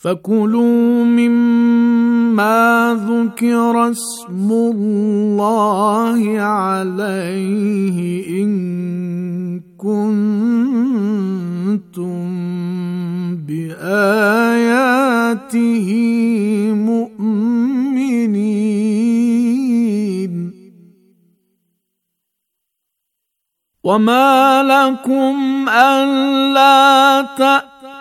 فكلوا مما ذكر اسم الله عليه ان كنتم باياته مؤمنين وما لكم الا تاتوا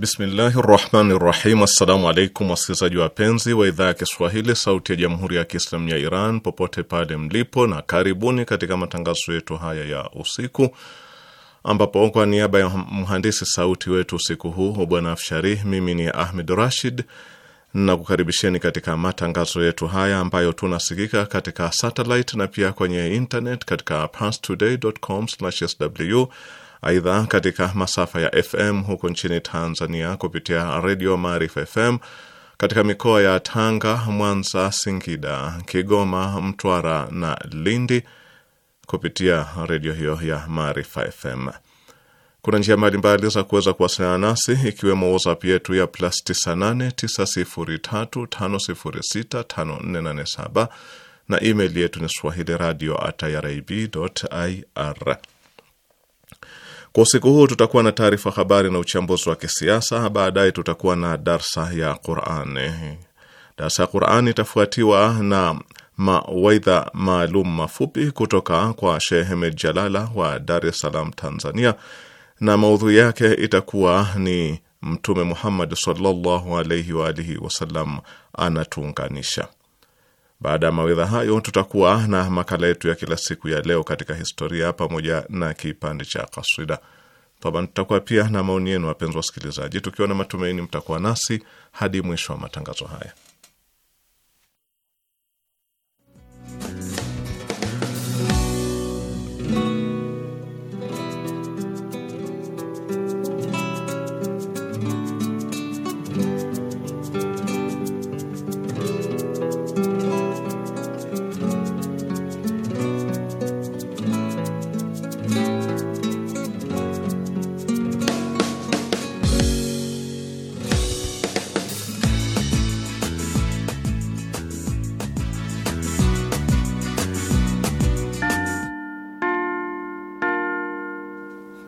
Bismillahi rahmani rahim. Assalamu alaikum wasikilizaji wapenzi wa idhaa ya Kiswahili sauti ya jamhuri ya Kiislamu ya Iran popote pale mlipo, na karibuni katika matangazo yetu haya ya usiku, ambapo kwa niaba ya mhandisi sauti wetu usiku huu Bwana Afshari, mimi ni Ahmed Rashid na kukaribisheni katika matangazo yetu haya ambayo tunasikika katika satellite na pia kwenye internet katika parstoday.com/sw Aidha, katika masafa ya FM huko nchini Tanzania kupitia Redio Maarifa FM katika mikoa ya Tanga, Mwanza, Singida, Kigoma, Mtwara na Lindi kupitia redio hiyo ya Maarifa FM. Kuna njia mbalimbali za kuweza kuwasiliana nasi ikiwemo WhatsApp yetu ya plus 989035065487 na email yetu ni swahili radio at irib.ir. Kwa usiku huu tutakuwa na taarifa habari na uchambuzi wa kisiasa. Baadaye tutakuwa na darsa ya Qurani. Darsa ya Qurani itafuatiwa na mawaidha maalum mafupi kutoka kwa Shehe Ahmed Jalala wa Dar es Salaam, Tanzania, na maudhui yake itakuwa ni Mtume Muhammad sallallahu alaihi wa alihi wasallam anatuunganisha. Baada ya mawedha hayo, tutakuwa na makala yetu ya kila siku ya leo katika historia pamoja na kipande cha kaswida. Tutakuwa pia na maoni yenu, wapenzi wasikilizaji, tukiwa na matumaini mtakuwa nasi hadi mwisho wa matangazo haya.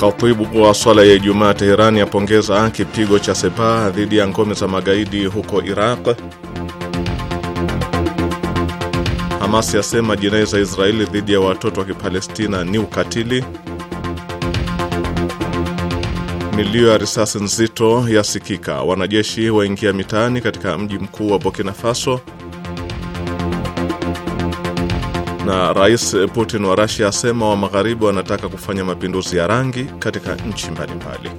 Khatibu wa swala ya Ijumaa Teherani apongeza kipigo cha sepa dhidi ya ngome za magaidi huko Iraq. Hamas yasema jinai za Israeli dhidi ya watoto wa Kipalestina ni ukatili. Milio ya risasi nzito yasikika, wanajeshi waingia mitaani katika mji mkuu wa Burkina Faso. na Rais Putin wa Rasia asema wa magharibi wanataka kufanya mapinduzi ya rangi katika nchi mbalimbali.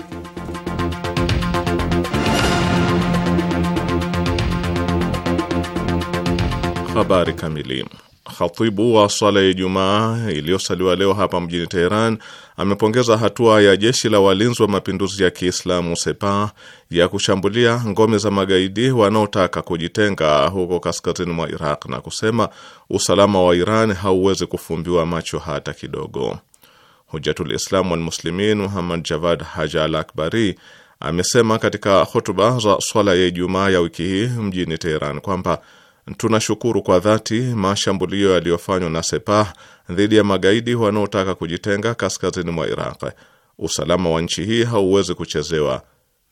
Habari kamili. Khatibu wa swala ya Ijumaa iliyosaliwa leo hapa mjini Teheran amepongeza hatua ya jeshi la walinzi wa mapinduzi ya Kiislamu Sepah ya kushambulia ngome za magaidi wanaotaka kujitenga huko kaskazini mwa Iraq na kusema usalama wa Iran hauwezi kufumbiwa macho hata kidogo. Hujatul Islam wal Muslimin Muhammad Javad Haja Al Akbari amesema katika hotuba za swala ya Ijumaa ya wiki hii mjini Teheran kwamba Tunashukuru kwa dhati mashambulio yaliyofanywa na Sepah dhidi ya magaidi wanaotaka kujitenga kaskazini mwa Iraq. Usalama wa nchi hii hauwezi kuchezewa,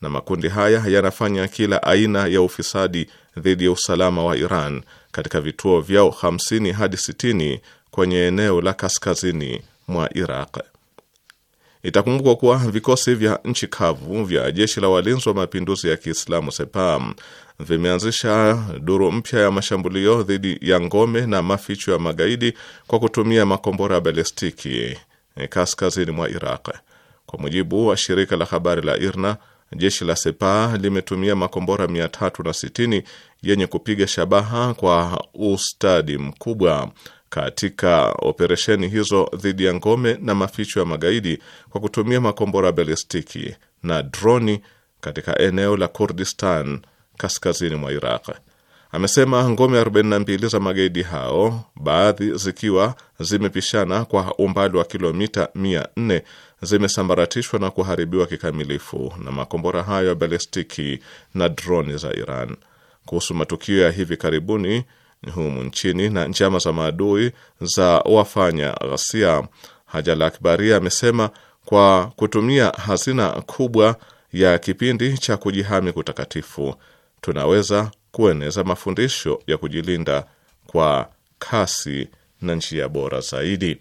na makundi haya yanafanya kila aina ya ufisadi dhidi ya usalama wa Iran katika vituo vyao 50 hadi 60 kwenye eneo la kaskazini mwa Iraq. Itakumbukwa kuwa vikosi vya nchi kavu vya jeshi la walinzi wa mapinduzi ya Kiislamu Sepah vimeanzisha duru mpya ya mashambulio dhidi ya ngome na maficho ya magaidi kwa kutumia makombora ya balistiki eh, kaskazini mwa Iraq. Kwa mujibu wa shirika la habari la IRNA, jeshi la sepa limetumia makombora 360 yenye kupiga shabaha kwa ustadi mkubwa katika operesheni hizo dhidi ya ngome na maficho ya magaidi kwa kutumia makombora balistiki na droni katika eneo la Kurdistan kaskazini mwa Iraq. Amesema ngome 42 za magaidi hao, baadhi zikiwa zimepishana kwa umbali wa kilomita 400, zimesambaratishwa na kuharibiwa kikamilifu na makombora hayo ya balistiki na droni za Iran. Kuhusu matukio ya hivi karibuni humu nchini na njama za maadui za wafanya ghasia, Hajal Akbaria amesema kwa kutumia hazina kubwa ya kipindi cha kujihami kutakatifu tunaweza kueneza mafundisho ya kujilinda kwa kasi na njia bora zaidi.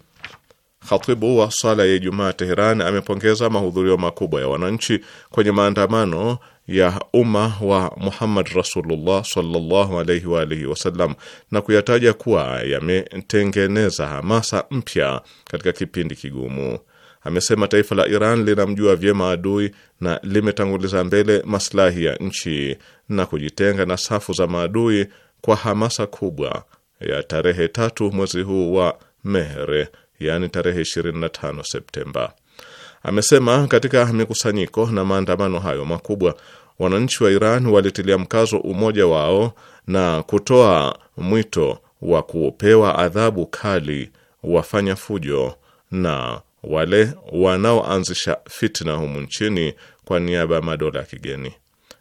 Khatibu wa swala ya Ijumaa Teheran amepongeza mahudhurio makubwa ya wananchi kwenye maandamano ya umma wa Muhammad Rasulullah sallallahu alaihi wa alihi wasallam na kuyataja kuwa yametengeneza hamasa mpya katika kipindi kigumu amesema taifa la Iran linamjua vyema adui na limetanguliza mbele maslahi ya nchi na kujitenga na safu za maadui kwa hamasa kubwa ya tarehe tatu mwezi huu wa Mehre, yani tarehe 25 Septemba. Amesema katika mikusanyiko na maandamano hayo makubwa wananchi wa Iran walitilia mkazo umoja wao na kutoa mwito wa kupewa adhabu kali wafanya fujo na wale wanaoanzisha fitna humu nchini kwa niaba ya madola ya kigeni.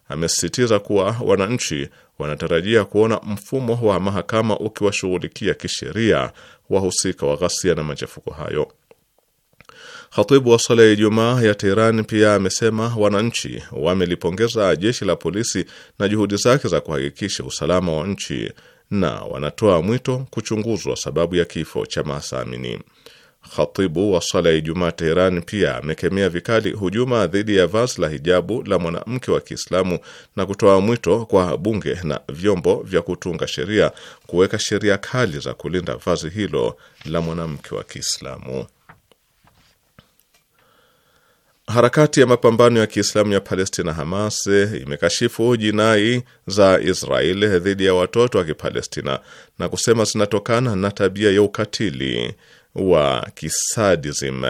Amesisitiza kuwa wananchi wanatarajia kuona mfumo wa mahakama ukiwashughulikia kisheria wahusika wa ghasia na machafuko hayo. Khatibu wa swala ya Ijumaa ya Teheran pia amesema wananchi wamelipongeza jeshi la polisi na juhudi zake za kuhakikisha usalama wa nchi na wanatoa mwito kuchunguzwa sababu ya kifo cha Masamini. Khatibu wa swala ya Ijumaa Teheran pia amekemea vikali hujuma dhidi ya vazi la hijabu la mwanamke wa Kiislamu na kutoa mwito kwa bunge na vyombo vya kutunga sheria kuweka sheria kali za kulinda vazi hilo la mwanamke wa Kiislamu. Harakati ya mapambano ya Kiislamu ya Palestina Hamas imekashifu jinai za Israeli dhidi ya watoto wa Kipalestina na kusema zinatokana na tabia ya ukatili wa kisadism.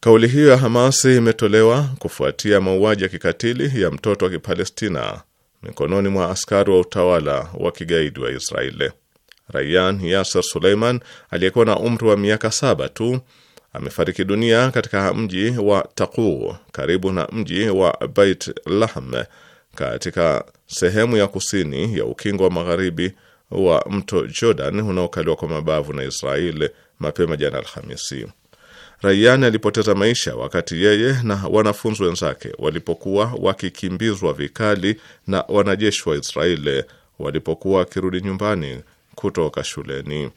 Kauli hiyo ya Hamasi imetolewa kufuatia mauaji ya kikatili ya mtoto wa Kipalestina mikononi mwa askari wa utawala wa kigaidi wa Israeli. rayan Yasser Suleiman aliyekuwa na umri wa miaka saba tu amefariki dunia katika mji wa taku karibu na mji wa Beit Lahm katika sehemu ya kusini ya ukingo wa magharibi wa mto Jordan unaokaliwa kwa mabavu na Israel mapema jana Alhamisi. Rayyan alipoteza maisha wakati yeye na wanafunzi wenzake walipokuwa wakikimbizwa vikali na wanajeshi wa Israeli walipokuwa wakirudi nyumbani kutoka shuleni.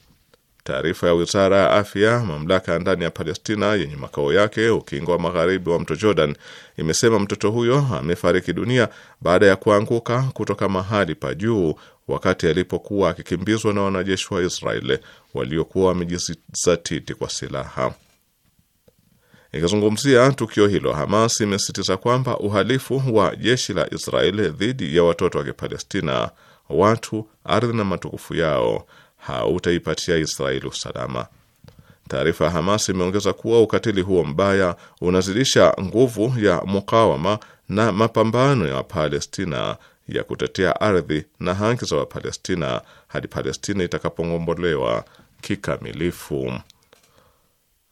Taarifa ya wizara ya afya mamlaka ya ndani ya Palestina yenye makao yake ukingo wa magharibi wa mto Jordan imesema mtoto huyo amefariki dunia baada ya kuanguka kutoka mahali pa juu wakati alipokuwa akikimbizwa na wanajeshi wa Israeli waliokuwa wamejizatiti kwa silaha. Ikizungumzia tukio hilo, Hamas imesisitiza kwamba uhalifu wa jeshi la Israeli dhidi ya watoto wa Kipalestina, watu, ardhi na matukufu yao hautaipatia Israeli usalama. Taarifa ya Hamas imeongeza kuwa ukatili huo mbaya unazidisha nguvu ya mukawama na mapambano ya Wapalestina ya kutetea ardhi na haki za Wapalestina hadi Palestina itakapongombolewa kikamilifu.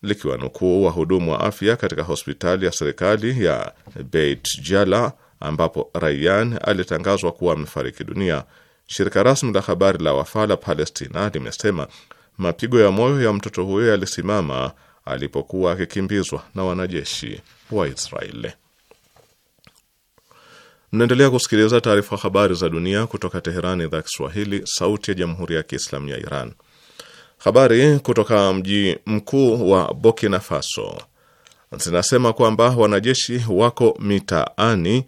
Likiwa nukuu wahudumu wa afya katika hospitali ya serikali ya Beit Jala ambapo rayan alitangazwa kuwa amefariki dunia, shirika rasmi la habari la Wafa la Palestina limesema Mapigo ya moyo ya mtoto huyo yalisimama alipokuwa akikimbizwa na wanajeshi wa Israeli. Mnaendelea kusikiliza taarifa habari za dunia kutoka Teherani, idhaa Kiswahili, sauti ya jamhuri ya kiislamu ya Iran. Habari kutoka mji mkuu wa Burkina Faso zinasema kwamba wanajeshi wako mitaani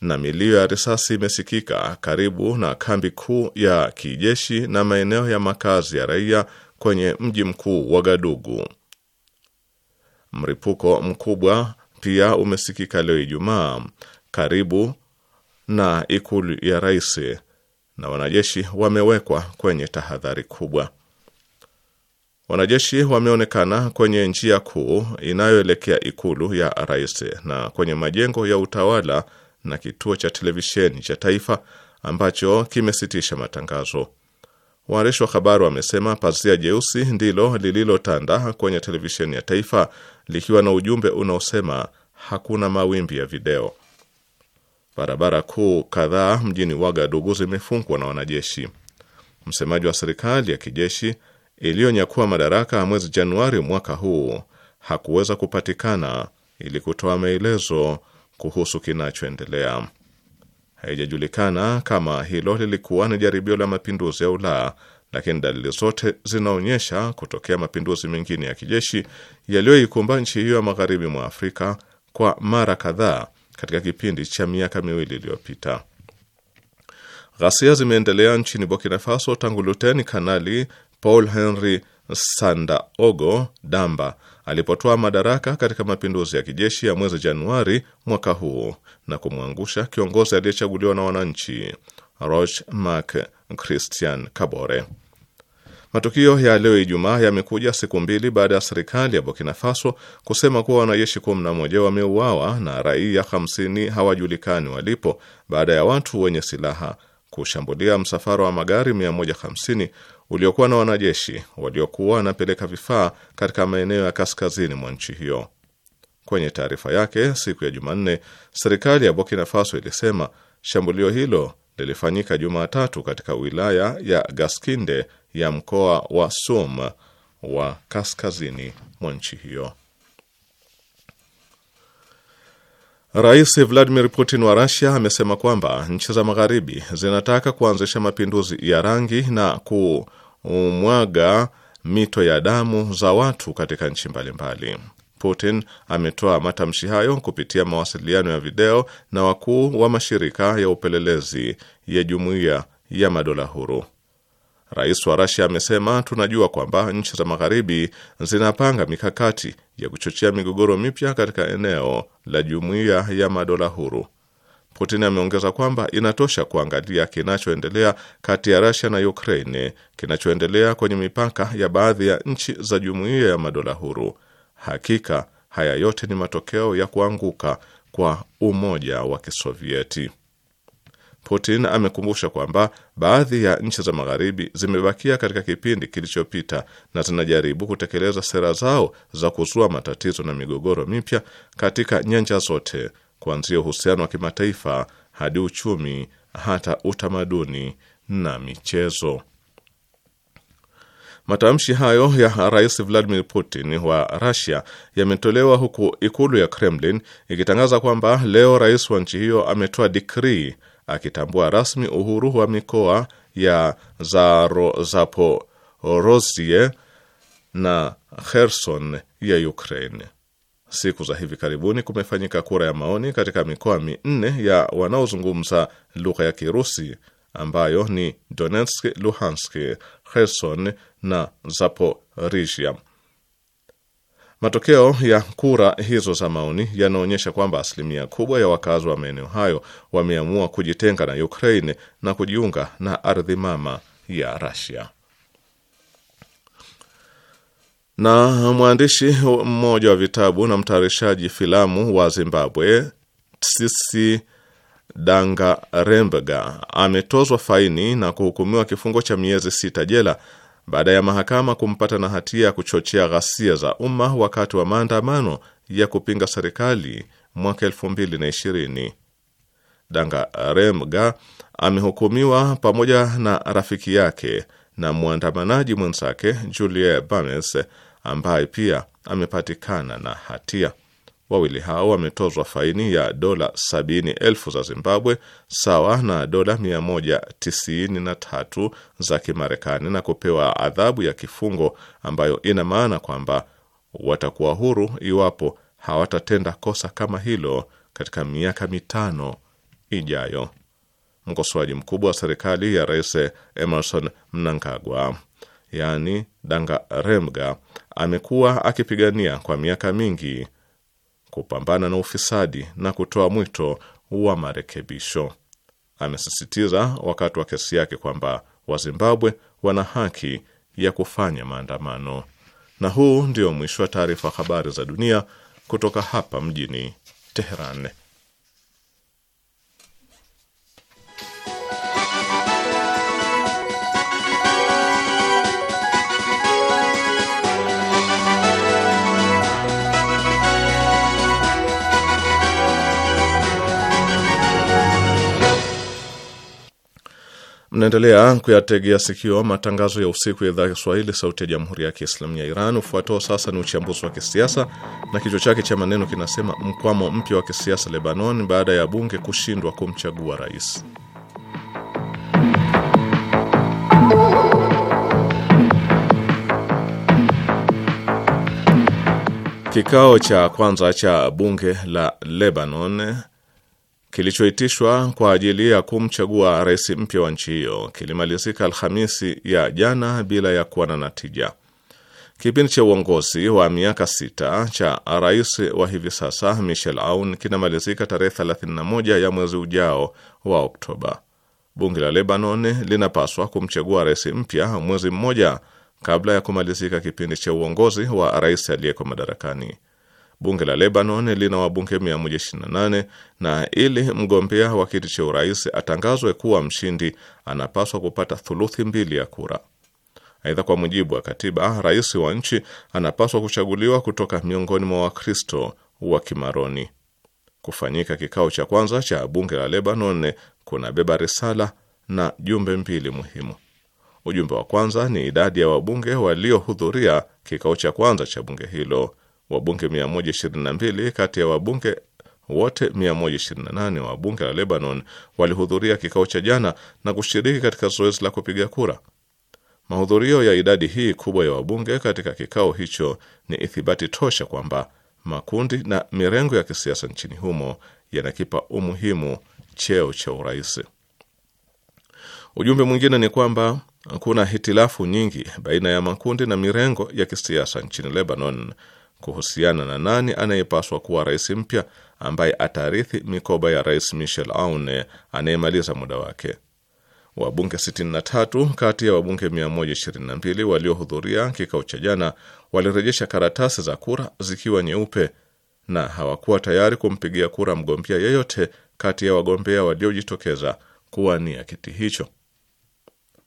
na milio ya risasi imesikika karibu na kambi kuu ya kijeshi na maeneo ya makazi ya raia kwenye mji mkuu wa gadugu Mripuko mkubwa pia umesikika leo Ijumaa karibu na ikulu ya rais na wanajeshi wamewekwa kwenye tahadhari kubwa. Wanajeshi wameonekana kwenye njia kuu inayoelekea ikulu ya rais na kwenye majengo ya utawala na kituo cha televisheni cha taifa ambacho kimesitisha matangazo. Waandishi wa habari wamesema pazia jeusi ndilo lililotanda kwenye televisheni ya taifa likiwa na ujumbe unaosema hakuna mawimbi ya video. Barabara kuu kadhaa mjini Wagadugu zimefungwa na wanajeshi. Msemaji wa serikali ya kijeshi iliyonyakua madaraka mwezi Januari mwaka huu hakuweza kupatikana ili kutoa maelezo kuhusu kinachoendelea. Haijajulikana kama hilo lilikuwa ni jaribio la mapinduzi au la, lakini dalili zote zinaonyesha kutokea mapinduzi mengine ya kijeshi yaliyoikumba nchi hiyo ya magharibi mwa Afrika kwa mara kadhaa katika kipindi cha miaka miwili iliyopita. Ghasia zimeendelea nchini Burkina Faso tangu Luteni Kanali Paul Henry Sandaogo Damba alipotoa madaraka katika mapinduzi ya kijeshi ya mwezi Januari mwaka huu na kumwangusha kiongozi aliyechaguliwa na wananchi Roch Marc Christian Kabore. Matukio ya leo Ijumaa yamekuja siku mbili baada ya serikali ya Burkina Faso kusema kuwa wanajeshi 11 wameuawa na raia 50 hawajulikani walipo baada ya watu wenye silaha kushambulia msafara wa magari 150 uliokuwa na wanajeshi waliokuwa wanapeleka vifaa katika maeneo ya kaskazini mwa nchi hiyo. Kwenye taarifa yake siku ya Jumanne, serikali ya Burkina Faso ilisema shambulio hilo lilifanyika Jumatatu katika wilaya ya Gaskinde ya mkoa wa sum wa kaskazini mwa nchi hiyo. Rais Vladimir Putin wa rusia amesema kwamba nchi za magharibi zinataka kuanzisha mapinduzi ya rangi na kuu umwaga mito ya damu za watu katika nchi mbalimbali. Putin ametoa matamshi hayo kupitia mawasiliano ya video na wakuu wa mashirika ya upelelezi ya Jumuiya ya Madola Huru. Rais wa Rasia amesema tunajua kwamba nchi za magharibi zinapanga mikakati ya kuchochea migogoro mipya katika eneo la Jumuiya ya Madola Huru. Putin ameongeza kwamba inatosha kuangalia kinachoendelea kati ya Russia na Ukraine, kinachoendelea kwenye mipaka ya baadhi ya nchi za jumuiya ya madola huru. Hakika haya yote ni matokeo ya kuanguka kwa umoja wa Kisovieti. Putin amekumbusha kwamba baadhi ya nchi za magharibi zimebakia katika kipindi kilichopita na zinajaribu kutekeleza sera zao za kuzua matatizo na migogoro mipya katika nyanja zote kuanzia uhusiano wa kimataifa hadi uchumi, hata utamaduni na michezo. Matamshi hayo ya Rais Vladimir Putin wa rasia yametolewa huku ikulu ya Kremlin ikitangaza kwamba leo rais wa nchi hiyo ametoa dikrii akitambua rasmi uhuru wa mikoa ya Zaporozie na Kherson ya Ukraine siku za hivi karibuni kumefanyika kura ya maoni katika mikoa minne ya wanaozungumza lugha ya Kirusi ambayo ni Donetsk, Luhansk, Kherson na Zaporisia. Matokeo ya kura hizo za maoni yanaonyesha kwamba asilimia kubwa ya wakazi wa maeneo hayo wameamua kujitenga na Ukraine na kujiunga na ardhi mama ya Russia. Na mwandishi mmoja wa vitabu na mtayarishaji filamu wa Zimbabwe Tsitsi Dangarembga ametozwa faini na kuhukumiwa kifungo cha miezi sita jela baada ya mahakama kumpata na hatia ya kuchochea ghasia za umma wakati wa maandamano ya kupinga serikali mwaka 2020. Dangarembga amehukumiwa pamoja na rafiki yake na mwandamanaji mwenzake Julie Barnes ambaye pia amepatikana na hatia. Wawili hao wametozwa faini ya dola sabini elfu za Zimbabwe sawa na dola 193 za Kimarekani na kupewa adhabu ya kifungo ambayo ina maana kwamba watakuwa huru iwapo hawatatenda kosa kama hilo katika miaka mitano ijayo. Mkosoaji mkubwa wa serikali ya Rais Emerson Mnangagwa yaani Dangarembga amekuwa akipigania kwa miaka mingi kupambana na ufisadi na kutoa mwito wa marekebisho. Amesisitiza wakati wa kesi yake kwamba Wazimbabwe wana haki ya kufanya maandamano. Na huu ndio mwisho wa taarifa habari za dunia kutoka hapa mjini Teheran. Mnaendelea kuyategea sikio matangazo ya usiku ya idhaa ya Kiswahili, sauti ya jamhuri ya kiislamu ya Iran. Ufuatao sasa ni uchambuzi wa kisiasa na kichwa chake cha maneno kinasema: mkwamo mpya wa kisiasa Lebanon baada ya bunge kushindwa kumchagua rais. Kikao cha kwanza cha bunge la Lebanon kilichoitishwa kwa ajili ya kumchagua rais mpya wa nchi hiyo kilimalizika Alhamisi ya jana bila ya kuwa na natija. Kipindi cha uongozi wa miaka sita cha rais wa hivi sasa Michel Aoun kinamalizika tarehe 31 ya mwezi ujao wa Oktoba. Bunge la Lebanon linapaswa kumchagua rais mpya mwezi mmoja kabla ya kumalizika kipindi cha uongozi wa rais aliyeko madarakani. Bunge la Lebanon lina wabunge 128 na ili mgombea wa kiti cha urais atangazwe kuwa mshindi anapaswa kupata thuluthi mbili ya kura. Aidha, kwa mujibu wa katiba, rais wa nchi anapaswa kuchaguliwa kutoka miongoni mwa Wakristo wa Kimaroni. Kufanyika kikao cha kwanza cha bunge la Lebanon kunabeba risala na jumbe mbili muhimu. Ujumbe wa kwanza ni idadi ya wabunge waliohudhuria kikao cha kwanza cha bunge hilo wabunge 122 kati ya wabunge wote 128 wa bunge la Lebanon walihudhuria kikao cha jana na kushiriki katika zoezi la kupiga kura. Mahudhurio ya idadi hii kubwa ya wabunge katika kikao hicho ni ithibati tosha kwamba makundi na mirengo ya kisiasa nchini humo yanakipa umuhimu cheo cha urais. Ujumbe mwingine ni kwamba kuna hitilafu nyingi baina ya makundi na mirengo ya kisiasa nchini Lebanon kuhusiana na nani anayepaswa kuwa rais mpya ambaye atarithi mikoba ya rais Michel Aoun anayemaliza muda wake. Wabunge 63 kati ya wabunge 122 waliohudhuria kikao cha jana walirejesha karatasi za kura zikiwa nyeupe na hawakuwa tayari kumpigia kura mgombea yeyote kati ya wagombea waliojitokeza kuwania kiti hicho.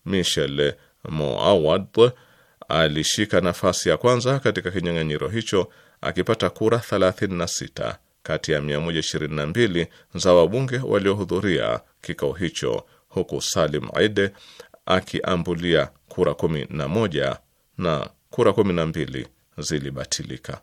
Michel Moawad alishika nafasi ya kwanza katika kinyang'anyiro hicho akipata kura 36 kati ya 122 za wabunge waliohudhuria kikao hicho, huku Salim Aide akiambulia kura 11 na kura 12 zilibatilika.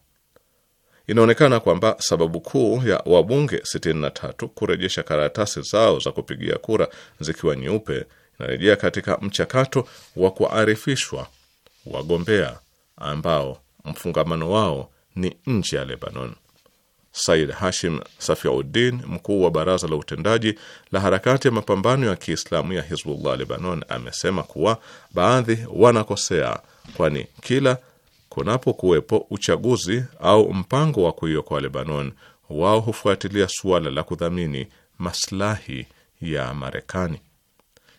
Inaonekana kwamba sababu kuu ya wabunge 63 kurejesha karatasi zao za kupigia kura zikiwa nyeupe inarejea katika mchakato wa kuarifishwa wagombea ambao mfungamano wao ni nchi ya Lebanon. Said Hashim Safiuddin, mkuu wa baraza la utendaji la harakati ya mapambano ya Kiislamu ya Hizbullah Lebanon, amesema kuwa baadhi wanakosea, kwani kila kunapokuwepo uchaguzi au mpango wa kuiokoa Lebanon, wao hufuatilia suala la kudhamini maslahi ya Marekani.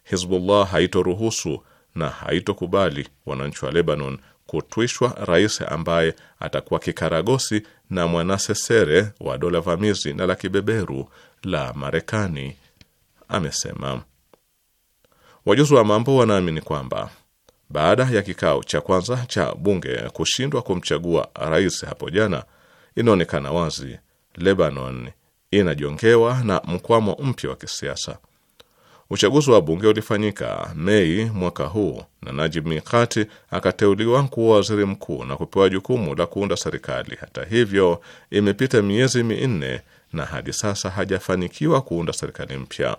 Hizbullah haitoruhusu na haitokubali wananchi wa Lebanon kutwishwa rais ambaye atakuwa kikaragosi na mwanasesere wa dola vamizi na la kibeberu la Marekani, amesema. Wajuzi wa mambo wanaamini kwamba baada ya kikao cha kwanza cha bunge kushindwa kumchagua rais hapo jana, inaonekana wazi Lebanon inajongewa na mkwamo mpya wa kisiasa. Uchaguzi wa bunge ulifanyika Mei mwaka huu na Najib Mikati akateuliwa kuwa waziri mkuu na kupewa jukumu la kuunda serikali. Hata hivyo, imepita miezi minne na hadi sasa hajafanikiwa kuunda serikali mpya.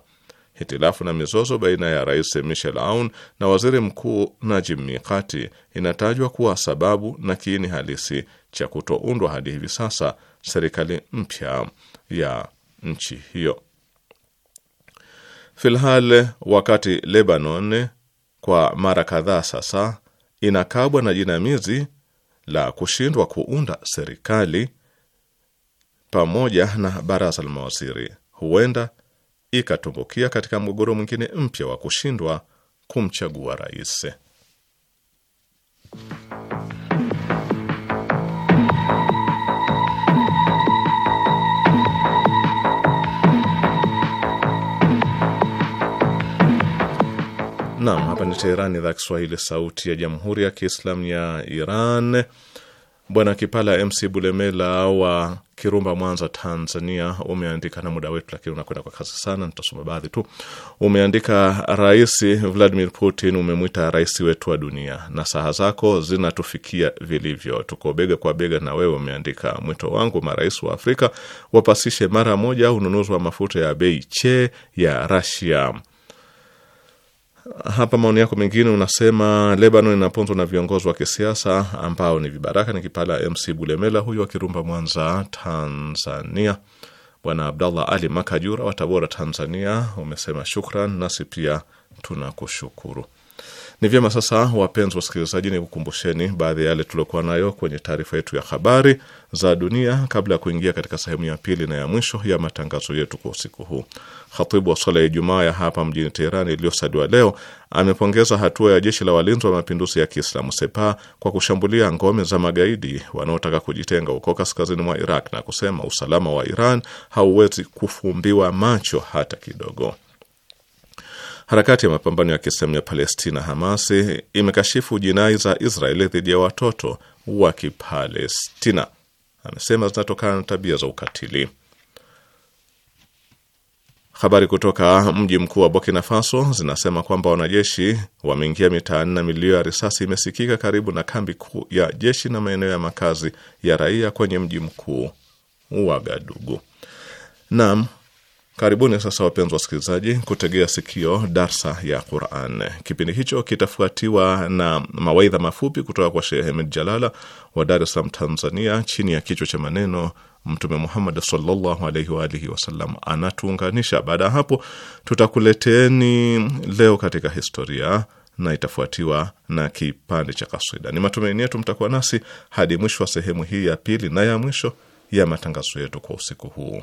Hitilafu na mizozo baina ya Rais Michel Aoun na waziri mkuu Najib Mikati inatajwa kuwa sababu na kiini halisi cha kutoundwa hadi hivi sasa serikali mpya ya nchi hiyo. Filhal, wakati Lebanon kwa mara kadhaa sasa inakabwa na jinamizi la kushindwa kuunda serikali pamoja na baraza la mawaziri, huenda ikatumbukia katika mgogoro mwingine mpya wa kushindwa kumchagua rais. ni Teherani, idhaa Kiswahili, sauti ya jamhuri ya kiislamu ya Iran. Bwana Kipala MC Bulemela wa Kirumba, Mwanza, Tanzania, umeandika na muda wetu lakini unakwenda kwa kasi sana, nitasoma baadhi tu. Umeandika, Rais Vladimir Putin umemwita rais wetu wa dunia, na saha zako zinatufikia vilivyo, tuko bega kwa bega na wewe. Umeandika, mwito wangu marais wa Afrika wapasishe mara moja ununuzi wa mafuta ya bei che ya Rasia hapa maoni yako mengine unasema Lebanon inaponzwa na viongozi wa kisiasa ambao ni vibaraka. Ni kipala MC Bulemela huyu akirumba Mwanza, Tanzania. Bwana Abdallah Ali Makajura wa Tabora, Tanzania, umesema shukran, nasi pia tunakushukuru. Ni vyema sasa, wapenzi wasikilizaji, ni kukumbusheni baadhi ya yale tuliokuwa nayo kwenye taarifa yetu ya habari za dunia kabla ya kuingia katika sehemu ya pili na ya mwisho ya matangazo yetu kwa usiku huu. Khatibu wa swala ya Ijumaa ya hapa mjini Teheran iliyosaliwa leo amepongeza hatua ya jeshi la walinzi wa mapinduzi ya Kiislamu sepa kwa kushambulia ngome za magaidi wanaotaka kujitenga huko kaskazini mwa Iraq na kusema usalama wa Iran hauwezi kufumbiwa macho hata kidogo. Harakati ya mapambano ya Kiislamu ya Palestina, Hamasi, imekashifu jinai za Israeli dhidi ya watoto wa Kipalestina. Amesema zinatokana na tabia za ukatili. Habari kutoka mji mkuu wa Burkina Faso zinasema kwamba wanajeshi wameingia mitaani na milio ya risasi imesikika karibu na kambi kuu ya jeshi na maeneo ya makazi ya raia kwenye mji mkuu wa Gadugu. Naam. Karibuni sasa wapenzi wasikilizaji, kutegea sikio darsa ya Quran. Kipindi hicho kitafuatiwa na mawaidha mafupi kutoka kwa Sheikh Ahmed Jalala wa Dar es Salaam, Tanzania, chini ya kichwa cha maneno Mtume Muhammad sallallahu alaihi wa alihi wasallam anatuunganisha. Baada ya hapo, tutakuleteeni leo katika historia na itafuatiwa na kipande cha kaswida. Ni matumaini yetu mtakuwa nasi hadi mwisho wa sehemu hii ya pili na ya mwisho ya matangazo yetu kwa usiku huu.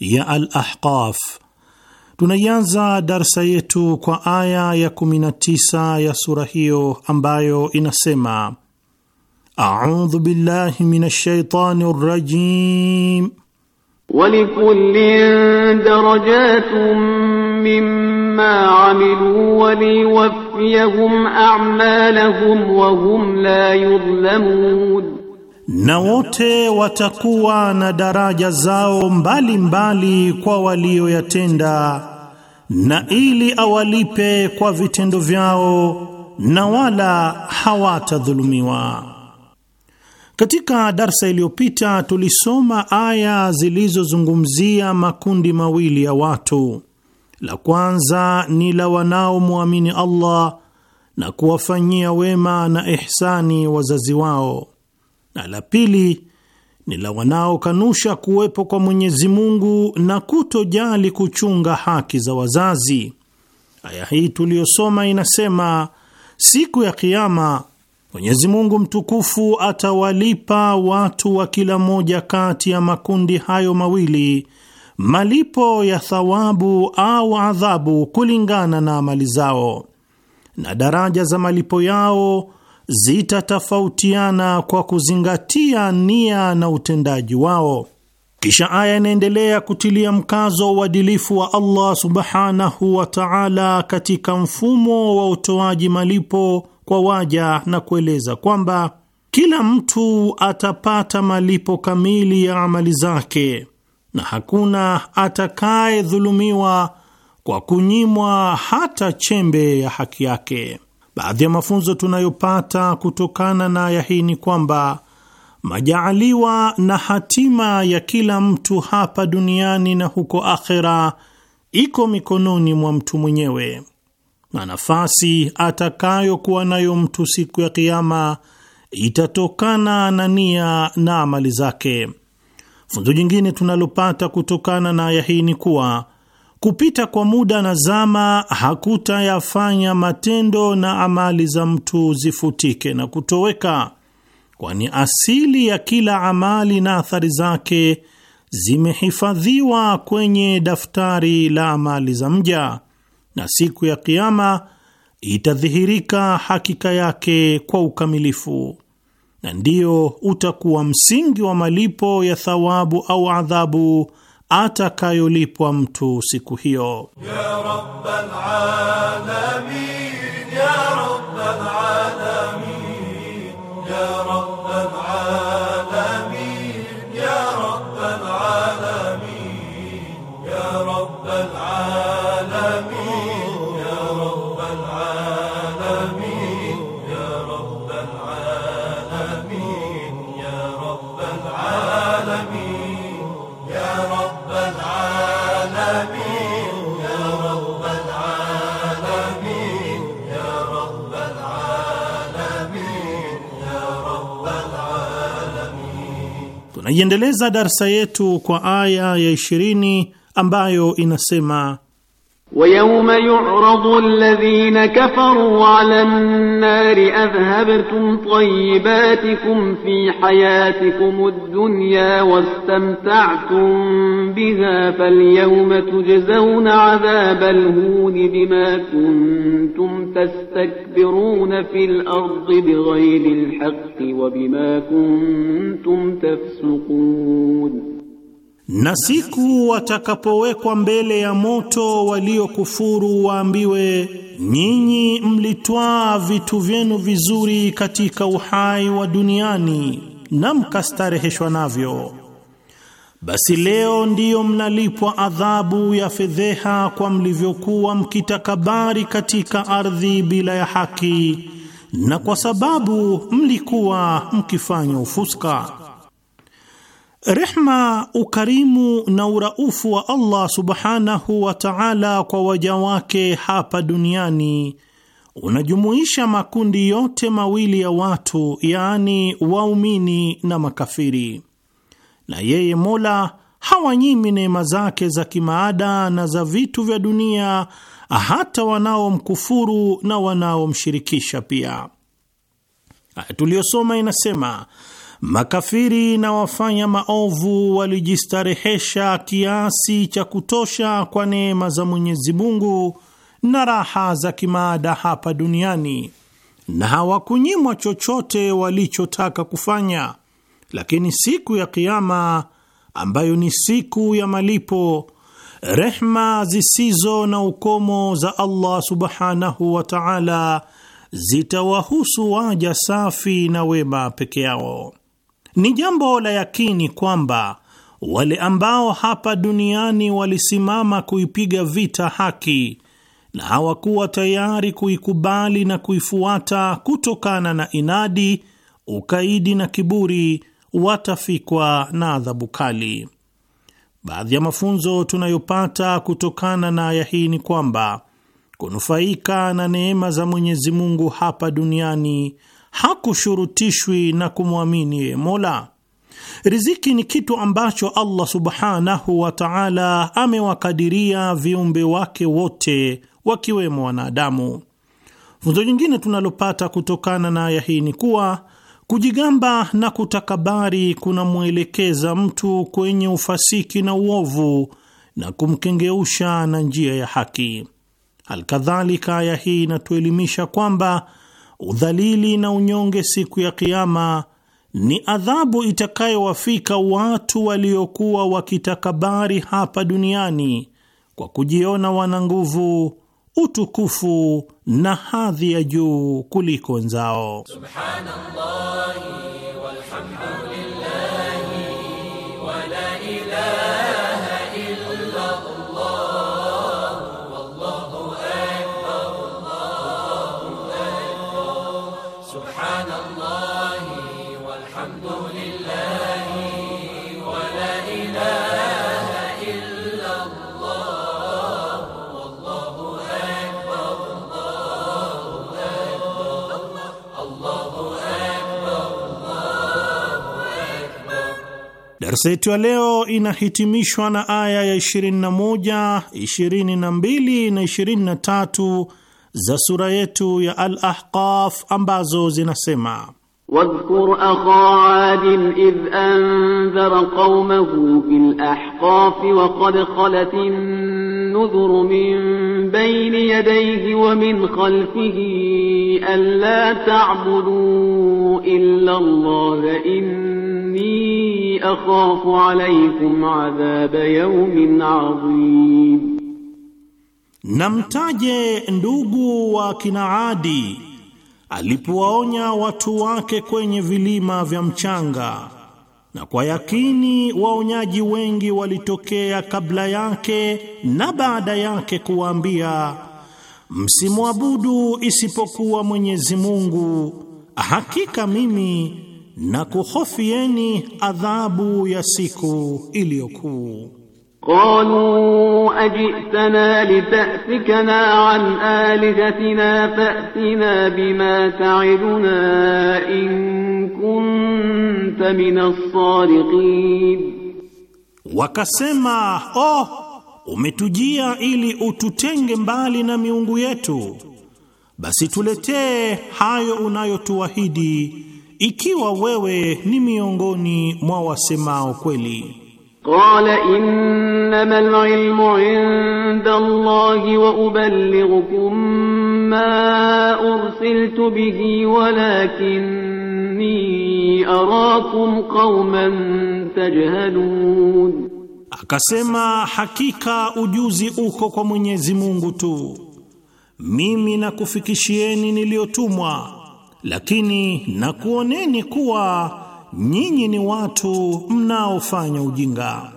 ya Al-Ahqaf tunaianza darsa yetu kwa aya ya 19 ya sura hiyo ambayo inasema A'udhu billahi minash shaitani rrajim ولكل درجات مما عملوا وليوفيهم أعمالهم وهم لا يظلمون na wote watakuwa na daraja zao mbalimbali mbali kwa walioyatenda, na ili awalipe kwa vitendo vyao, na wala hawatadhulumiwa. Katika darsa iliyopita tulisoma aya zilizozungumzia makundi mawili ya watu. La kwanza ni la wanaomwamini Allah na kuwafanyia wema na ihsani wazazi wao na la pili ni la wanaokanusha kuwepo kwa Mwenyezi Mungu na kutojali kuchunga haki za wazazi. Aya hii tuliyosoma inasema siku ya Kiama Mwenyezi Mungu mtukufu atawalipa watu wa kila moja kati ya makundi hayo mawili malipo ya thawabu au adhabu kulingana na amali zao, na daraja za malipo yao zitatofautiana kwa kuzingatia nia na utendaji wao. Kisha aya inaendelea kutilia mkazo wa uadilifu wa Allah subhanahu wa ta'ala katika mfumo wa utoaji malipo kwa waja na kueleza kwamba kila mtu atapata malipo kamili ya amali zake na hakuna atakayedhulumiwa kwa kunyimwa hata chembe ya haki yake. Baadhi ya mafunzo tunayopata kutokana na ya hii ni kwamba majaaliwa na hatima ya kila mtu hapa duniani na huko akhera iko mikononi mwa mtu mwenyewe, na nafasi atakayokuwa nayo mtu siku ya Kiama itatokana na nia na amali zake. Funzo jingine tunalopata kutokana na aya hii ni kuwa Kupita kwa muda na zama hakutayafanya matendo na amali za mtu zifutike na kutoweka, kwani asili ya kila amali na athari zake zimehifadhiwa kwenye daftari la amali za mja, na siku ya Kiama itadhihirika hakika yake kwa ukamilifu, na ndiyo utakuwa msingi wa malipo ya thawabu au adhabu atakayolipwa mtu siku hiyo. Naiendeleza darsa yetu kwa aya ya 20 ambayo inasema ويوم يعرض الذين كفروا على النار أذهبتم طيباتكم في حياتكم الدنيا واستمتعتم بها فاليوم تجزون عذاب الهون بما كنتم تستكبرون في الأرض بغير الحق وبما كنتم تفسقون Na siku watakapowekwa mbele ya moto waliokufuru waambiwe, nyinyi mlitwaa vitu vyenu vizuri katika uhai wa duniani na mkastareheshwa navyo, basi leo ndiyo mnalipwa adhabu ya fedheha kwa mlivyokuwa mkitakabari katika ardhi bila ya haki, na kwa sababu mlikuwa mkifanya ufuska. Rehma, ukarimu na uraufu wa Allah subhanahu wa ta'ala kwa waja wake hapa duniani unajumuisha makundi yote mawili ya watu, yaani waumini na makafiri, na yeye Mola hawanyimi neema zake za kimaada na za vitu vya dunia hata wanaomkufuru na wanaomshirikisha pia. Tuliyosoma inasema Makafiri na wafanya maovu walijistarehesha kiasi cha kutosha kwa neema za Mwenyezi Mungu na raha za kimaada hapa duniani, na hawakunyimwa chochote walichotaka kufanya, lakini siku ya Kiama ambayo ni siku ya malipo, rehma zisizo na ukomo za Allah subhanahu wa taala zitawahusu waja safi na wema peke yao. Ni jambo la yakini kwamba wale ambao hapa duniani walisimama kuipiga vita haki na hawakuwa tayari kuikubali na kuifuata kutokana na inadi, ukaidi na kiburi, watafikwa na adhabu kali. Baadhi ya mafunzo tunayopata kutokana na aya hii ni kwamba kunufaika na neema za Mwenyezi Mungu hapa duniani hakushurutishwi na kumwamini yeye Mola. Riziki ni kitu ambacho Allah subhanahu wa ta'ala amewakadiria viumbe wake wote wakiwemo wanadamu. Funzo jingine tunalopata kutokana na aya hii ni kuwa kujigamba na kutakabari kunamwelekeza mtu kwenye ufasiki na uovu na kumkengeusha na njia ya haki. Alkadhalika, aya hii inatuelimisha kwamba udhalili na unyonge siku ya Kiama ni adhabu itakayowafika watu waliokuwa wakitakabari hapa duniani kwa kujiona wana nguvu, utukufu na hadhi ya juu kuliko wenzao. Subhanallah. Darsa yetu ya leo inahitimishwa na aya ya 21, 22 na 23 za sura yetu ya Al-Ahqaf ambazo zinasema Wadhkur akha Adin idh anzara qaumahu fil ahqaf wa qad khalat النذر من بين يديه ومن خلفه ألا تعبدوا إلا الله إني أخاف عليكم عذاب يوم عظيم Namtaje ndugu wa Kinaadi alipowaonya watu wake kwenye vilima vya mchanga na kwa yakini waonyaji wengi walitokea kabla yake na baada yake kuwaambia, msimwabudu isipokuwa Mwenyezi Mungu, hakika mimi na kuhofieni adhabu ya siku iliyokuu. قالوا أجئتنا لتأفكنا عن آلهتنا فأتنا بما تعدنا إن كنت من الصادقين Wakasema, أوه oh, umetujia ili ututenge mbali na miungu yetu, basi tuletee hayo unayotuahidi, ikiwa wewe ni miongoni mwa wasemao kweli. قال إنما العلم عند الله وأبلغكم ما أرسلت به ولكني أراكم قوما تجهلون Akasema hakika ujuzi uko kwa Mwenyezi Mungu tu, mimi nakufikishieni niliyotumwa, lakini nakuoneni kuwa nyinyi ni watu mnaofanya ujinga.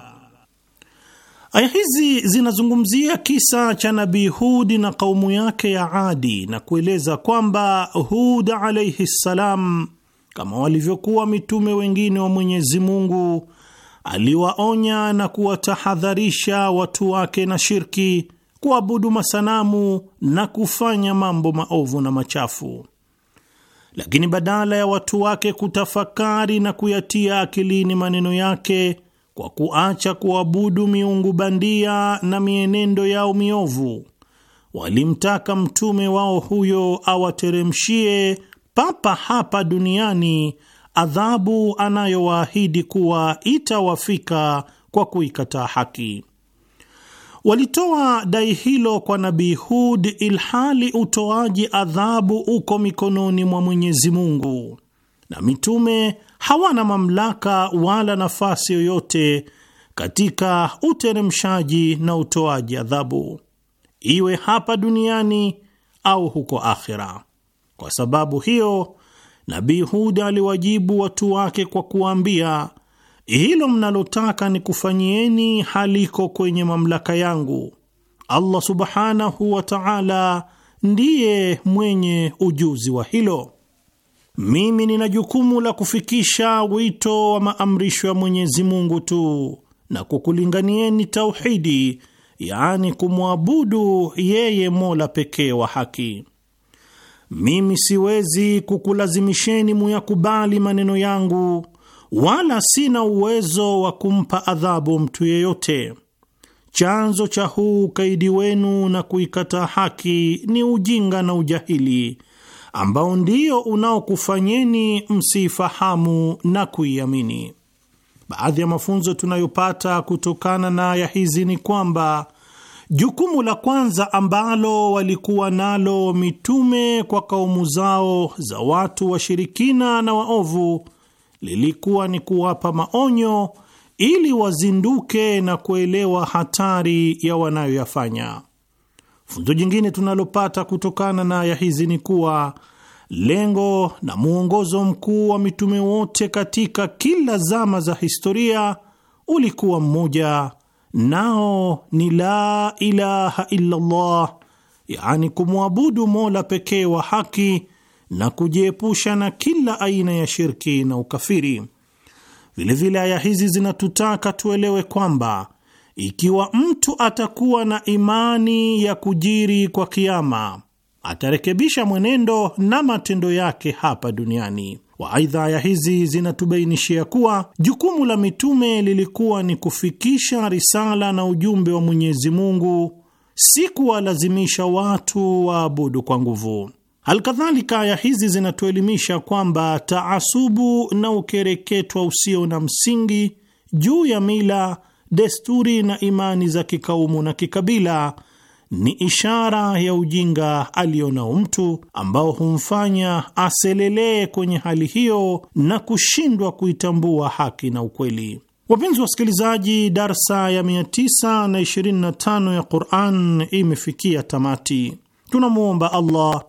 Aya hizi zinazungumzia kisa cha Nabii Hudi na kaumu yake ya Adi na kueleza kwamba Hud alaihi ssalam, kama walivyokuwa mitume wengine wa Mwenyezi Mungu, aliwaonya na kuwatahadharisha watu wake na shirki, kuabudu masanamu na kufanya mambo maovu na machafu lakini badala ya watu wake kutafakari na kuyatia akilini maneno yake, kwa kuacha kuabudu miungu bandia na mienendo yao miovu, walimtaka mtume wao huyo awateremshie papa hapa duniani adhabu anayowaahidi kuwa itawafika kwa kuikataa haki. Walitoa dai hilo kwa Nabii Hud ilhali utoaji adhabu uko mikononi mwa Mwenyezi Mungu, na mitume hawana mamlaka wala nafasi yoyote katika uteremshaji na utoaji adhabu, iwe hapa duniani au huko akhira Kwa sababu hiyo, Nabii Hud aliwajibu watu wake kwa kuwaambia hilo mnalotaka ni kufanyieni haliko kwenye mamlaka yangu. Allah subhanahu wa ta'ala ndiye mwenye ujuzi wa hilo. Mimi nina jukumu la kufikisha wito wa maamrisho ya Mwenyezi Mungu tu na kukulinganieni tauhidi, yaani kumwabudu yeye Mola pekee wa haki. Mimi siwezi kukulazimisheni muyakubali maneno yangu wala sina uwezo wa kumpa adhabu mtu yeyote. Chanzo cha huu ukaidi wenu na kuikataa haki ni ujinga na ujahili ambao ndio unaokufanyeni msiifahamu na kuiamini. Baadhi ya mafunzo tunayopata kutokana na aya hizi ni kwamba jukumu la kwanza ambalo walikuwa nalo mitume kwa kaumu zao za watu washirikina na waovu lilikuwa ni kuwapa maonyo ili wazinduke na kuelewa hatari ya wanayoyafanya. Funzo jingine tunalopata kutokana na aya hizi ni kuwa lengo na mwongozo mkuu wa mitume wote katika kila zama za historia ulikuwa mmoja, nao ni la ilaha illallah, yaani kumwabudu Mola pekee wa haki na kujiepusha na kila aina ya shirki na ukafiri. Vilevile aya hizi zinatutaka tuelewe kwamba ikiwa mtu atakuwa na imani ya kujiri kwa kiama atarekebisha mwenendo na matendo yake hapa duniani. Waaidha, aya hizi zinatubainishia kuwa jukumu la mitume lilikuwa ni kufikisha risala na ujumbe wa Mwenyezi Mungu, si kuwalazimisha watu waabudu kwa nguvu. Alkadhalika, aya hizi zinatuelimisha kwamba taasubu na ukereketwa usio na msingi juu ya mila, desturi na imani za kikaumu na kikabila ni ishara ya ujinga aliyonao mtu ambao humfanya aselelee kwenye hali hiyo na kushindwa kuitambua haki na ukweli. Wapenzi wasikilizaji, darsa ya 925 ya Quran imefikia tamati. Tunamwomba Allah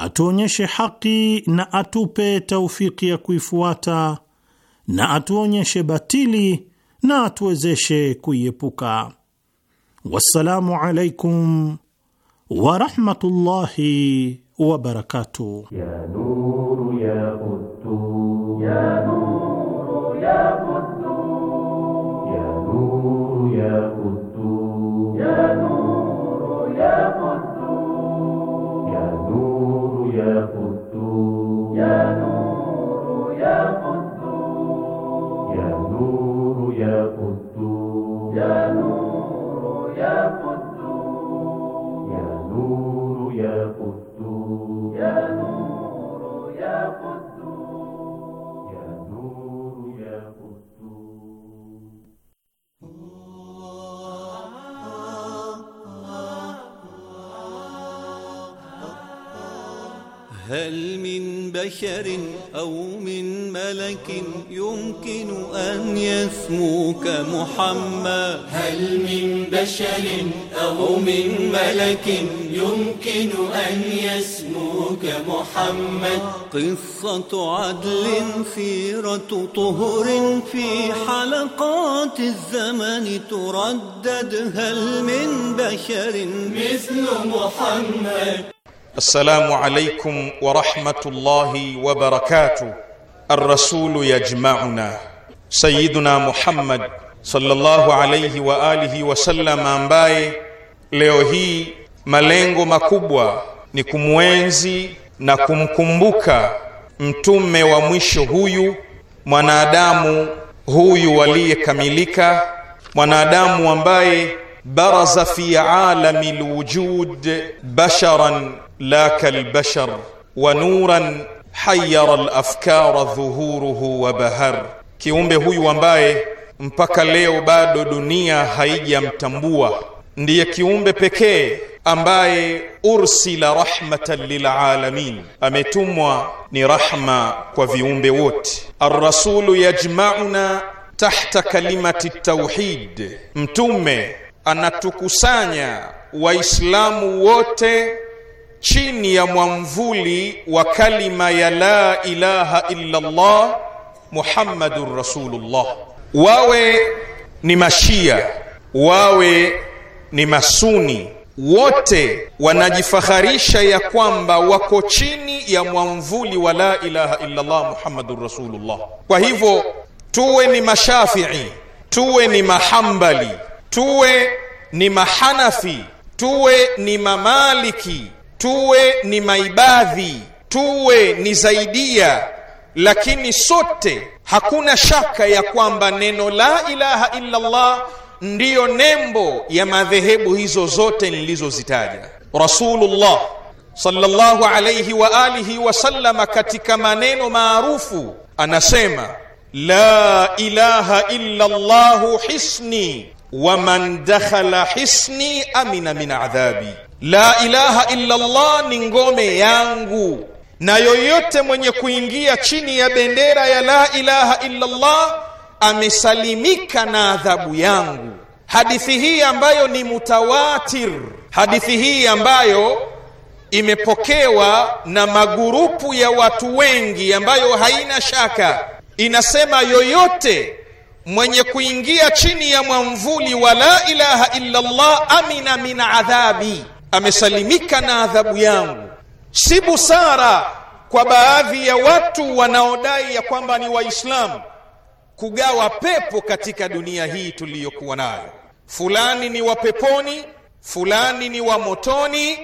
atuonyeshe haki na atupe taufiki ya kuifuata na atuonyeshe batili na atuwezeshe kuiepuka. Wassalamu alaikum wa rahmatullahi wa barakatuh. Ya nuru ya kutu, ya nuru ya kutu, ya nuru ya kutu, ya هل من بشر أو من ملك يمكن أن يسموك محمد هل من بشر أو من ملك يمكن أن يسموك محمد قصة عدل سيرة طهر في حلقات الزمن تردد هل من بشر مثل محمد Assalamu alaykum wa rahmatullahi wa barakatuh. Ar-rasul yajma'una. Sayyiduna Muhammad sallallahu alayhi wa alihi wa sallam, ambaye leo hii malengo makubwa ni kumwenzi na kumkumbuka mtume wa mwisho huyu, mwanadamu huyu aliyekamilika, mwanadamu ambaye baraza fi alami alwujud basharan la kalbashar wa nuran hayara alafkara dhuhuruhu wa bahar, kiumbe huyu ambaye mpaka leo bado dunia haijamtambua ndiye kiumbe pekee ambaye ursila rahmatan lilalamin, ametumwa ni rahma kwa viumbe wote. Arrasulu yajmauna tahta kalimati tauhid, mtume anatukusanya Waislamu wote chini ya mwamvuli wa kalima ya la ilaha illa Allah Muhammadur Rasulullah, wawe ni Mashia, wawe ni Masuni, wote wanajifaharisha ya kwamba wako chini ya mwamvuli wa la ilaha illa Allah Muhammadur Rasulullah. Kwa hivyo tuwe ni Mashafii, tuwe ni Mahambali tuwe ni mahanafi, tuwe ni mamaliki, tuwe ni maibadhi, tuwe ni zaidia, lakini sote hakuna shaka ya kwamba neno la ilaha illa Allah ndiyo nembo ya madhehebu hizo zote nilizozitaja. Rasulullah sallallahu alayhi wa alihi sallam katika maneno maarufu anasema la ilaha illa Allah hisni man dakhala hisni amina min adhabi, la ilaha illa Allah ni ngome yangu, na yoyote mwenye kuingia chini ya bendera ya la ilaha illa Allah amesalimika na adhabu yangu. Hadithi hii ambayo ni mutawatir, hadithi hii ambayo imepokewa na magurupu ya watu wengi, ambayo haina shaka, inasema yoyote mwenye kuingia chini ya mwamvuli wa la ilaha illa Allah amina min adhabi, amesalimika na adhabu yangu. Si busara kwa baadhi ya watu wanaodai ya kwamba ni Waislamu kugawa pepo katika dunia hii tuliyokuwa nayo. Fulani ni wa peponi, fulani ni wa motoni,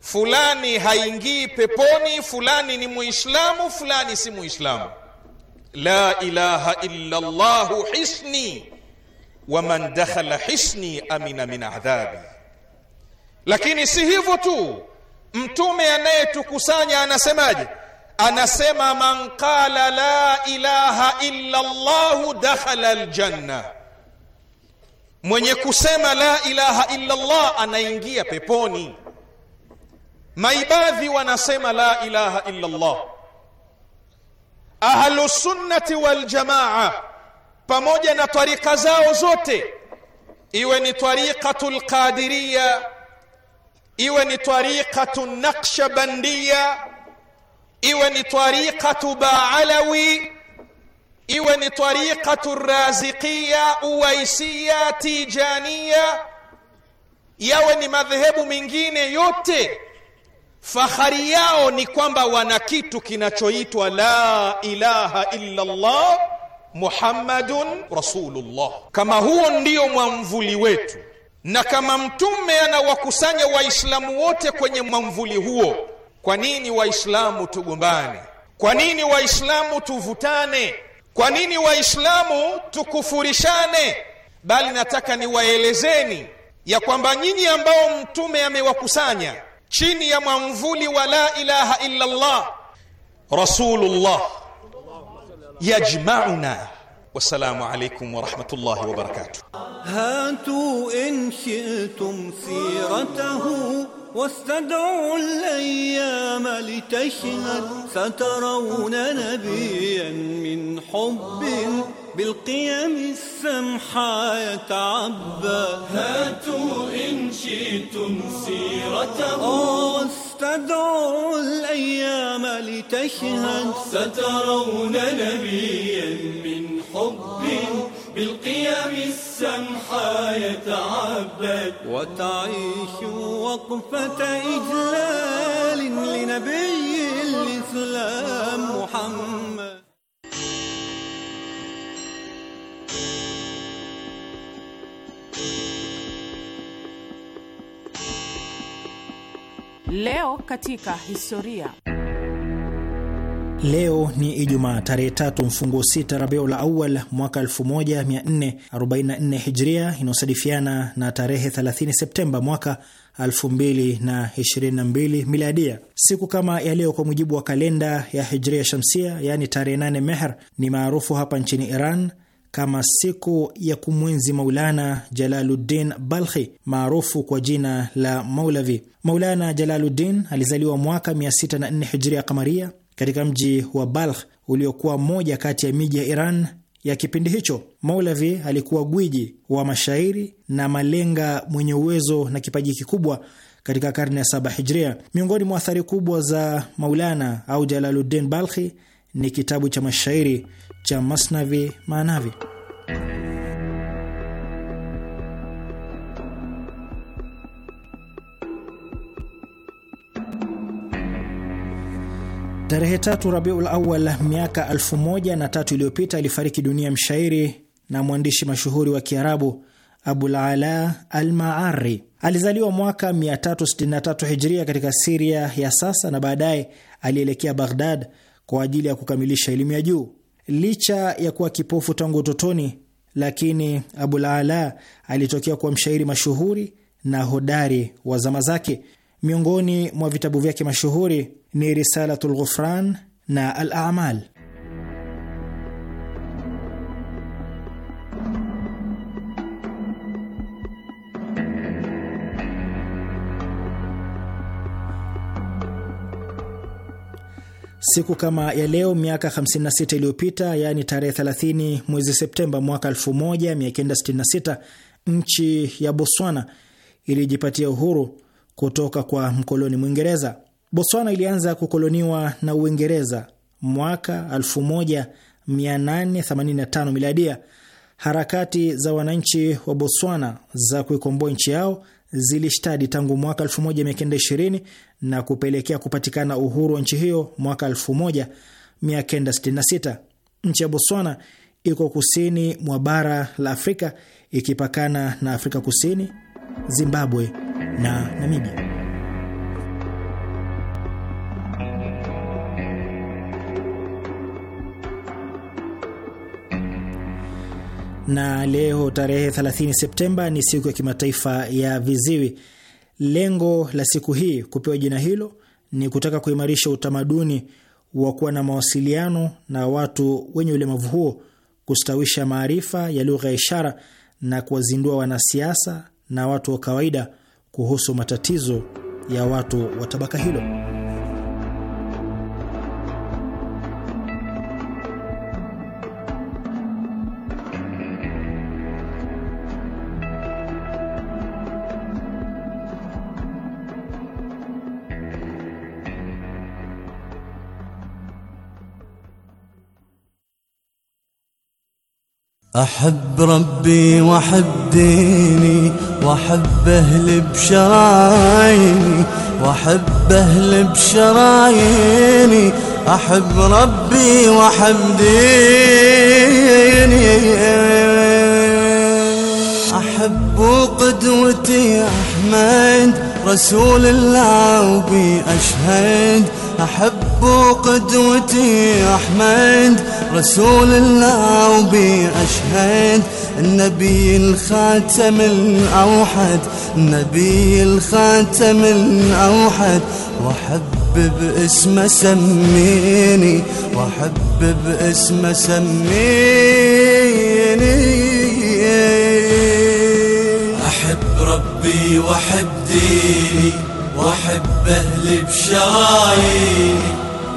fulani haingii peponi, fulani ni Muislamu, fulani si Muislamu la ilaha illa llahu hisni wa man dakhala hisni amina min adhabi. Lakini si hivyo tu, mtume anayetukusanya anasemaje? Anasema, man qala la ilaha illa llahu dakhala aljanna, mwenye kusema la ilaha illa llah anaingia peponi. Maibadhi wanasema la ilaha illa llah ahlu sunnati wal jamaa pamoja na twarika zao zote, iwe ni twarikatul qadiriya, iwe ni twarikatu naqshbandiya, iwe ni twarikatu baalawi, iwe ni twarikatu raziqiya, uwaisiya, tijaniya, yawe ni madhehebu mengine yote Fahari yao ni kwamba wana kitu kinachoitwa la ilaha illa Allah Muhammadun Rasulullah. Kama huo ndio mwamvuli wetu, na kama mtume anawakusanya Waislamu wote kwenye mwamvuli huo, kwa nini Waislamu tugombane? Kwa nini Waislamu tuvutane? Kwa nini Waislamu tukufurishane? Bali nataka niwaelezeni ya kwamba nyinyi ambao mtume amewakusanya chini ya mwamvuli wa la ilaha illa Allah Rasulullah yajma'una alaykum wa rahmatullahi wa barakatuh هاتوا in shi'tum siratahu واستدعوا الأيام لتشهد سترون نبيا من حب بالقيم السمحة يتعبى هاتوا إن شئتم سيرته واستدعوا الأيام لتشهد سترون نبيا من حب بالقيم السمحة يتعبد وتعيش وقفة إجلال لنبي الإسلام محمد Leo katika historia. Leo ni Ijumaa tarehe tatu mfungo sita Rabiul Awal mwaka 1444 Hijria, inayosadifiana na tarehe 30 Septemba mwaka 2022 Miladia. Siku kama ya leo kwa mujibu wa kalenda ya Hijria Shamsia, yaani tarehe 8 Mehr, ni maarufu hapa nchini Iran kama siku ya kumwenzi Maulana Jalaluddin Balkhi maarufu kwa jina la Maulavi. Maulana Jalaluddin alizaliwa mwaka 604 Hijria Kamaria katika mji wa Balkh uliokuwa moja kati ya miji ya Iran ya kipindi hicho. Maulavi alikuwa gwiji wa mashairi na malenga mwenye uwezo na kipaji kikubwa katika karne ya saba Hijria. Miongoni mwa athari kubwa za Maulana au Jalaluddin Balkhi ni kitabu cha mashairi cha Masnavi Maanavi. Tarehe tatu Rabiul Awal miaka elfu moja na tatu iliyopita alifariki dunia mshairi na mwandishi mashuhuri wa Kiarabu Abul Ala Almaari. Alizaliwa mwaka 363 Hijria katika Siria ya sasa na baadaye alielekea Baghdad kwa ajili ya kukamilisha elimu ya juu. Licha ya kuwa kipofu tangu utotoni, lakini Abul Ala alitokea kuwa mshairi mashuhuri na hodari wa zama zake. Miongoni mwa vitabu vyake mashuhuri ni Risalatu lghufran na Al Amal. Siku kama ya leo miaka 56 iliyopita, yaani tarehe 30 mwezi Septemba mwaka 1966, nchi ya Botswana ilijipatia uhuru kutoka kwa mkoloni Mwingereza. Botswana ilianza kukoloniwa na Uingereza mwaka 1885 miladia. Harakati za wananchi wa Botswana za kuikomboa nchi yao zilishtadi tangu mwaka 1920 na kupelekea kupatikana uhuru wa nchi hiyo mwaka 1966. Nchi ya Botswana iko kusini mwa bara la Afrika ikipakana na Afrika Kusini, Zimbabwe na Namibia. na leo tarehe 30 Septemba ni siku ya kimataifa ya viziwi. Lengo la siku hii kupewa jina hilo ni kutaka kuimarisha utamaduni wa kuwa na mawasiliano na watu wenye ulemavu huo, kustawisha maarifa ya lugha ya ishara na kuwazindua wanasiasa na watu wa kawaida kuhusu matatizo ya watu wa tabaka hilo. أحب ربي وأحب ديني وأحب أهلي بشرايني وأحب أهلي بشرايني أحب ربي وأحب ديني أحب قدوتي أحمد رسول الله وبي أشهد أحب قدوتي أحمد رسول الله وبي أشهد النبي الخاتم الأوحد النبي الخاتم الأوحد وأحب باسمه سميني وأحب باسمه سميني أحب ربي وأحب ديني واحب اهلي بشراييني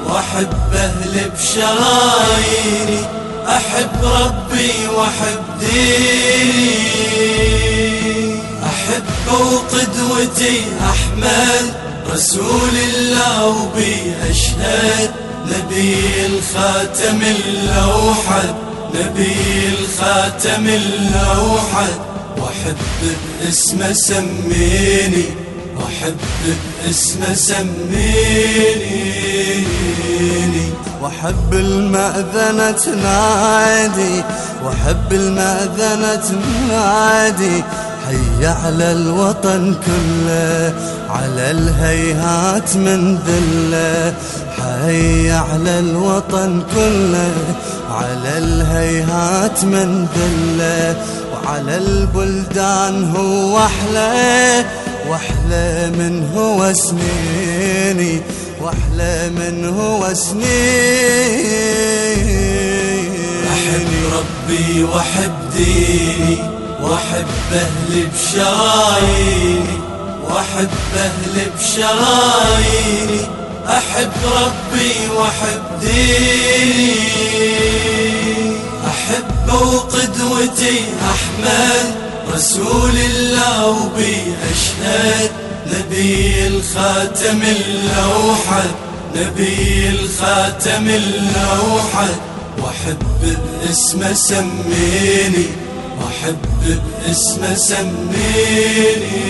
واحب اهلي بشراييني احب ربي واحب ديني احب وقدوتي احمد رسول الله وبي اشهد نبي الخاتم الاوحد نبي الخاتم الاوحد واحب باسمه سميني واحب اسمه سميني واحب المأذنة تنادي واحب المأذنة تنادي حي على الوطن كله على الهيهات من ذله حي على الوطن كله على الهيهات من ذله وعلى البلدان هو احلى واحلى من هو سنيني واحلى من هو سنيني احب ربي واحب ديني واحب اهلي بشراييني واحب اهلي بشراييني احب ربي واحب ديني احب وقدوتي احمد رسول الله وبي أشهد نبي الخاتم الأوحد نبي الخاتم الأوحد وأحب باسمه سميني وأحب باسمه سميني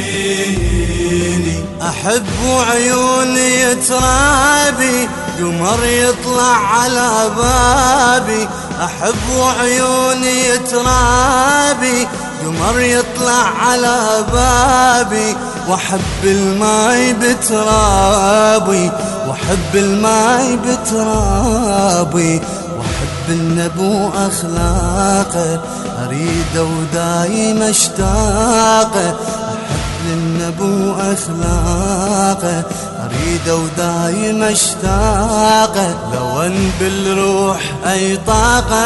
أحب وعيوني ترابي قمر يطلع على بابي أحب وعيوني ترابي قمر يطلع على بابي واحب الماي بترابي واحب الماي بترابي واحب النبو اخلاقه اريده ودايم اشتاقه احب النبو اخلاقه اريده ودايم اشتاقه لو ان بالروح اي طاقه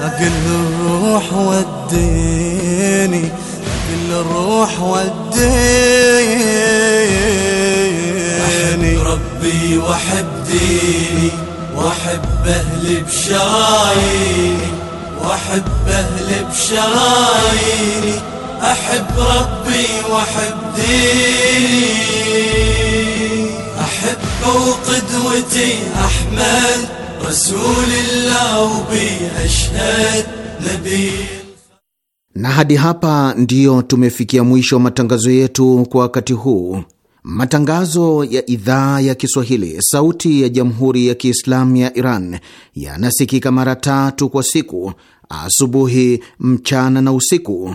اقل الروح وديني اقل الروح وديني احب ربي واحب ديني واحب اهلي بشراييني واحب اهلي بشراييني احب ربي واحب ديني احب قدوتي احمد رسول الله وبي اشهد نبي na hadi hapa ndiyo tumefikia mwisho wa matangazo yetu kwa wakati huu. Matangazo ya idhaa ya Kiswahili sauti ya jamhuri ya Kiislamu ya Iran yanasikika mara tatu kwa siku: asubuhi, mchana na usiku.